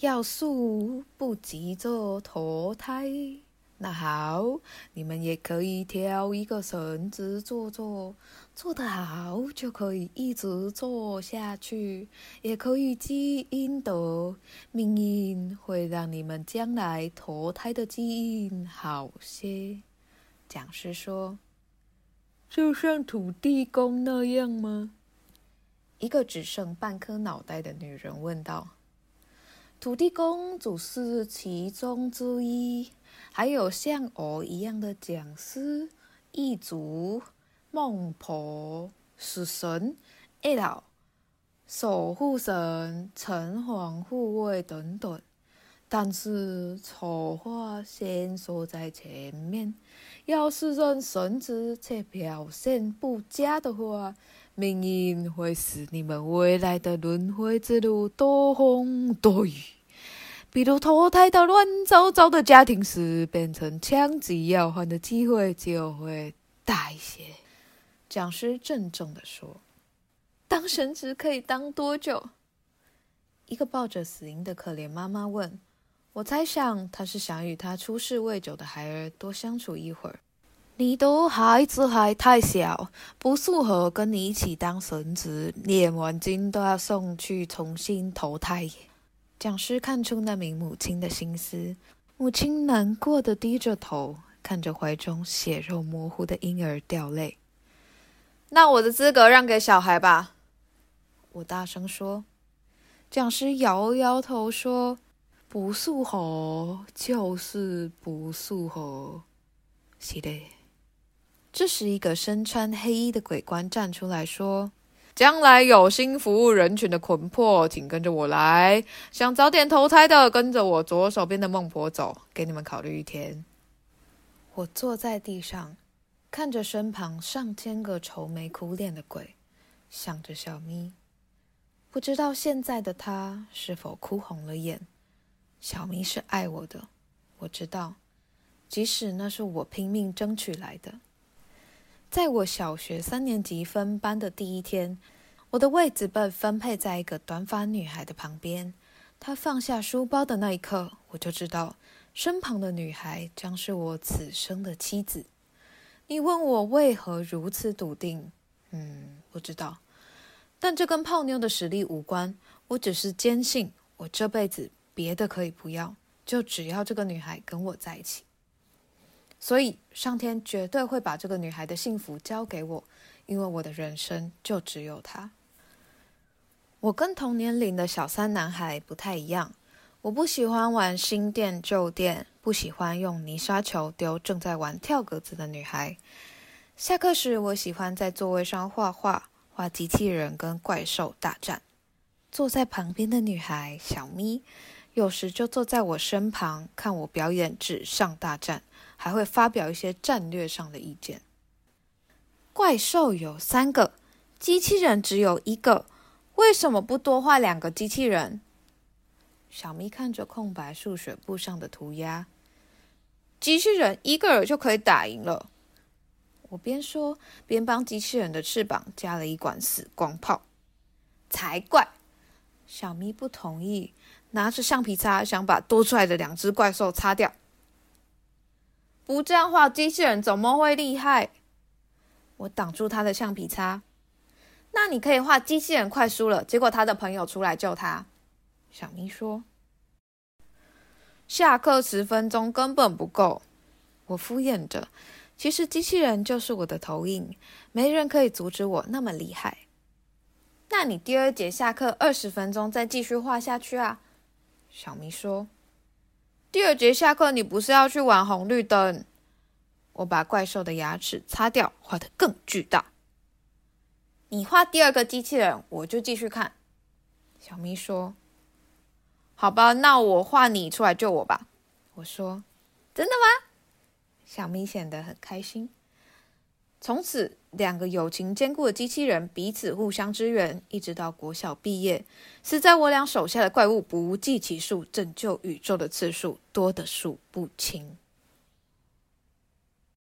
要素不急着投胎，那好，你們也可以挑一個繩子做做，做得好就可以一直做下去，也可以積陰德，命運會讓你們將來投胎的基因好些。講師說：“就像土地公那樣嗎？”一個只剩半顆腦袋的女人問道。土地公只是其中之一，還有像我一樣的講師、異族、孟婆、死神、月老、守護神、城隍護衛等等。但是，醜話先說在前面，要是任神職且表現不佳的話，命運會使你們未來的輪回之路多風多雨，比如投胎到亂糟糟的家庭時，變成槍擊要犯的機會就會大一些。”講師鄭重的說。“當神職可以當多久？”一個抱着死嬰的可憐媽媽問。“我猜想，他是想與他出世未久的孩兒多相處一會兒。”你的孩子還太小，不適合跟你一起當繩子，念完經都要送去重新投胎。講師看出那名母親的心思，母親難過地低着頭，看着懷中血肉模糊的嬰兒掉淚。那我的資格讓給小孩吧，我大聲說。講師搖搖頭說：“不適合，就是不適合。”是的。這時，一個身穿黑衣的鬼官站出來說：“將來有心服務人群的魂魄，請跟着我來；想早點投胎的，跟着我左手邊的孟婆走，給你們考慮一天。”我坐在地上，看着身旁上千個愁眉苦臉的鬼，想着小咪，不知道現在的她是否哭紅了眼。小咪是愛我的，我知道，即使那是我拼命爭取來的。在我小學三年級分班的第一天，我的位子被分配在一個短髮女孩的旁邊。她放下書包的那一刻，我就知道，身旁的女孩將是我此生的妻子。你問我為何如此篤定？嗯，不知道。但這跟泡妞的實力無關，我只是堅信，我這輩子別的可以不要，就只要這個女孩跟我在一起。所以，上天絕對會把這個女孩的幸福交給我，因為我的人生就只有她。我跟同年齡的小三男孩不太一樣，我不喜歡玩新店舊店，不喜歡用泥沙球丟正在玩跳格子的女孩。下課時，我喜歡在座位上畫畫，畫機器人跟怪獸大戰。坐在旁邊的女孩小咪，有時就坐在我身旁，看我表演紙上大戰。還會發表一些戰略上的意見。怪獸有三個，機器人只有一個，為什麼不多畫兩個機器人？小咪看着空白數學簿上的塗鴉，機器人一個人就可以打贏了。我邊說邊幫機器人的翅膀加了一管死光炮，才怪！小咪不同意，拿着橡皮擦想把多出來的兩隻怪獸擦掉。不這樣畫，機器人怎麼會厲害？我擋住他的橡皮擦。那你可以畫機器人快輸了，結果他的朋友出來救他。小明說：“下課十分鐘根本不夠。”我敷衍着。其實機器人就是我的投影，沒人可以阻止我那麼厲害。那你第二節下課二十分鐘再繼續畫下去啊？小明說：“第二節下課你不是要去玩紅綠燈？”我把怪獸的牙齒擦掉，畫得更巨大。你畫第二個機器人，我就繼續看。小咪說：“好吧，那我畫你出來救我吧。”我說：“真的嗎？”小咪顯得很開心。從此，兩個友情堅固的機器人彼此互相支援，一直到國小畢業，死在我倆手下的怪物不計其數，拯救宇宙的次數多得數不清。